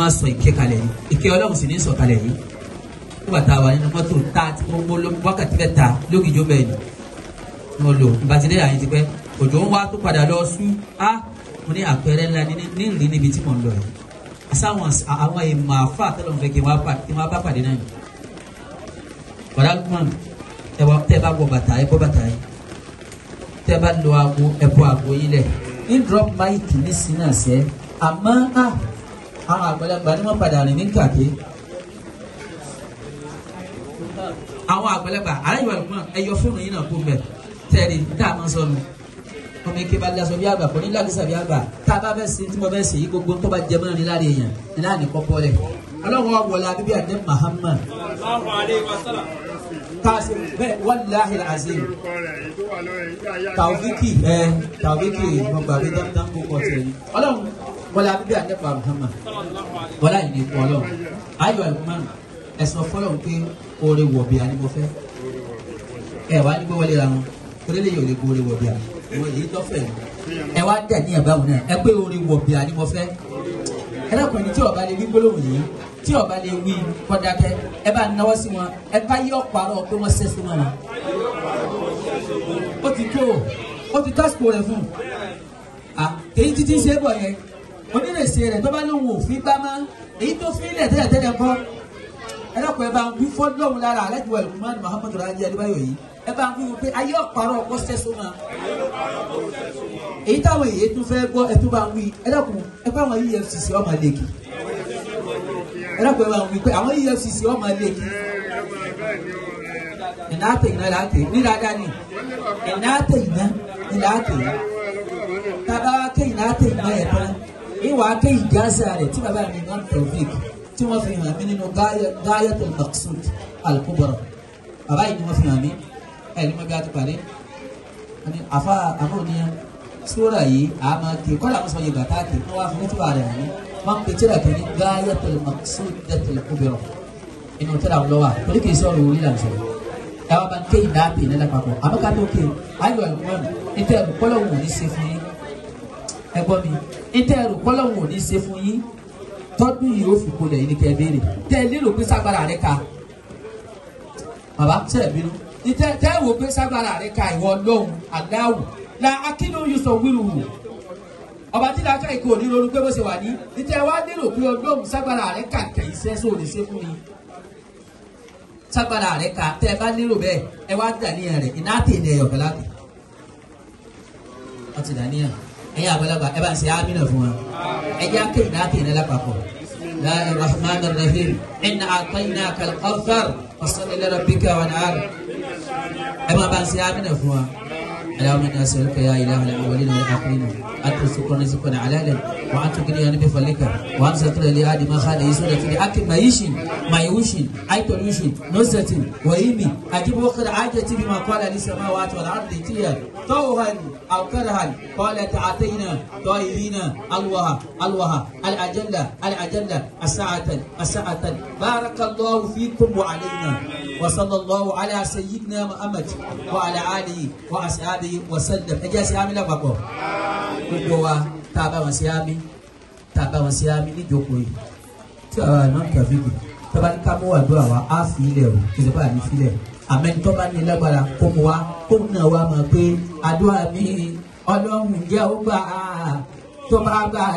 máa sọ ìkẹ́ kalẹ̀ yìí ìkẹ́ ọlọ́run sì ní sọ kalẹ̀ yìí nígbà tá a wà nínú mọ́tò tá a ni mo lò ìbátidé àyè ti pẹ́ òjò ń wá tó padà lọ sú á mo ní àpẹẹrẹ ńlá ní ìrìn níbi tí mo ń lọ yìí sáwọn àwọn ìmọ̀ àfa àtọ́lọ̀ fẹ́ kí wọ́n bá pàdé náà bàdá lukman tẹ bá wọ bàtà ẹ bọ́ bàtà yìí tẹ bá lo aago ẹ bọ́ aago yìí lẹ̀ ní drop mic ní sinmi àṣẹ àmọ́ àwọn àgbàlagbà ni wọ́n padà rìn ní kàké àwọn àgbàlagbà aláìwá lukman ẹ yọ fóònù yìí náà kó bẹ́ẹ̀ tẹ̀rí tá a mọ̀ sọnù ọmọ ike bá lásọ bí àgbà kò ní lágbèsà bí àgbà tá a bá fẹ́ sin tí mo fẹ́ sèyí gbogbo tó bá jẹ mọ́ ní láre èèyàn ní láàánú kọ́kọ́ rẹ̀ ọlọ́run ọ̀wọ̀lá bíbí àdé Muhammad taasi bẹ́ẹ̀ wàlláhi azim tàwíkì ẹ tàwíkì mọ̀gbà bí dáńdá kó kọ́ sí ẹ̀yìn ọlọ́run wàlá bíbí àdé Muhammad wàlá yìí ní kọ́ ọlọ́run ayọ̀ ẹ̀kúnmánu ẹ̀sán fọlọ́run pé oore wọ̀bì ànímọ́fẹ́ ẹ̀ wá nígbẹ́ wọlé ra wọn torí lè yẹ òde gbóore wọ̀ bíà wọ́n yìí tọ́fẹ̀ ẹ wá dẹ̀ ní ẹ̀bá òun náà ẹ pé oore wọ̀ bíà ni mo fẹ́ ẹ dákun ẹni tí ọba lè wí gbólóhùn yìí tí ọba lè wí kọ́dákẹ́ ẹ bá náwó sí wọn ẹ bá yí ọ̀pọ̀ àrọ̀ pé wọ́n sẹ́sí wọn. ó ti tó ó ti tásìkò rẹ̀ fún un èyí títí ṣe é bọ̀ yẹn onírèsè rẹ̀ tó bá lóhùn òfin gbá má èyí tó fi ilẹ̀ tẹ́lẹ̀ tẹ́lẹ̀ kọ́ ẹlẹ́kọ̀ọ́ ẹ bá ń wí fọ́dọ̀hún lára alájùwà ìkùnmán Muhammadu Raji Adébáyọ̀ yìí ẹ bá ń wí wípé ayé ọ̀parọ̀ ọkọ̀ sẹ́sọ náà. èyí táwọn èyí tún fẹ́ gbọ́ ẹ tún bá ń wí ẹlẹ́kùn ẹ bá àwọn EFCC ọmọ lẹ́kì ẹlẹ́kùn ẹ bá ń wí pé àwọn EFCC ọmọ lẹ́kì ìnáàtè iná láàtè nílàdá ni ìnáàtè iná nílàtè tábà wá ké ìnáàtè iná yẹn tán ìwà ké ìgásà rẹ̀ tí bàbá mi náà tẹ̀ fíìkì tí wọ́n fi hàn mí nínú gayatul maqsud al-kubra bàbá yìí ni wọ́n fi hàn mí ẹni mọ́ bí a ti pàdé ẹni afa amóhùnìyàn sóra yìí àmà kì í kọ́lá àwọn sọ̀yìn bàtà kì í wọ́n á fún tíwà rẹ̀ hàn mí wọ́n pe tíra kì ní gayatul maqsud al-kubra inú tíra ń lọ́wọ́ torí kì í sọ̀rọ̀ orí là ń bá ń ké ìdá àpè nílẹ̀ papọ̀ àbúkátó ké ayọ̀ ẹ̀gbọ́n ní kọ́lọ́hún ò ní ṣe fún yín ẹ̀gbọ́n mi ní kọ́lọ́hún ò ní ṣe fún yín tọ́dún yìí ó fi kulẹ̀ yìí ni kẹ́ ẹ béèrè tẹ́ ẹ lérò pé ságbára rẹ ka bàbá tẹ́ ẹ bínú ìtẹ́ tẹ́ ẹ wò pé ságbára rẹ ka ìwọ lóhùn aláwù la akínú yìí sọ wíru wù ọba tí la ká ìkó òní ronú pé bó ṣe wà ní ìtẹ́ wa lérò pé ọlọ́hùn ságbára rẹ kà kẹ́ iṣẹ́ sóò ní ṣe fún mi ságbára rẹ ka tẹ́ ẹ bá lérò bẹ́ẹ̀ ẹ wá dàníyàn rẹ ìnáàtì ilẹ̀ ọ̀gá láti wọ́n ti dàníyàn ẹ̀yin àgbàlagbà ẹ bá ń ṣe amínà fún wa ẹ jẹ́ akéwì náà kéwì náà lápapọ̀ láàrin rahman rahim ẹ̀nà àtọ́yìnà kàlùkọ́fàr ọ̀sán ilẹ̀ rẹ̀ bíkà wà náà ẹ máa bá ń ṣe amínà fún wa. اللهم انا نسالك يا اله الاولين والاخرين ان ترزقنا على حلالا وان تغنينا بفضلك وان تستر لي هذه ما خان يسود في اكل ما يوشين اي تلوشين نزة وإيمي اجيب وقت حاجتي بما قال للسماوات والارض تيا طوها او كرها قال تعطينا طائرين الوها الوها الاجله الاجله الساعه الساعه بارك الله فيكم وعلينا وصلى الله على سيدنا محمد وعلى آله وأصحابه وسلم ẹjẹ́ síámi náà papọ̀ gbogbo wa tá a bá wọn síámi tá a bá wọn síámi níjókòó yìí tí a bá náà kà fíkì tó bá ní ká mú àdúrà wa á fi ilẹ̀ o kì í bá ní filẹ̀ àmẹ́ni tó bá ní lágbára kó mu wa kó mu náà wa mọ̀ pé àdúrà mi ọlọ́run jẹ́ ó gbà á tó bá gbà á.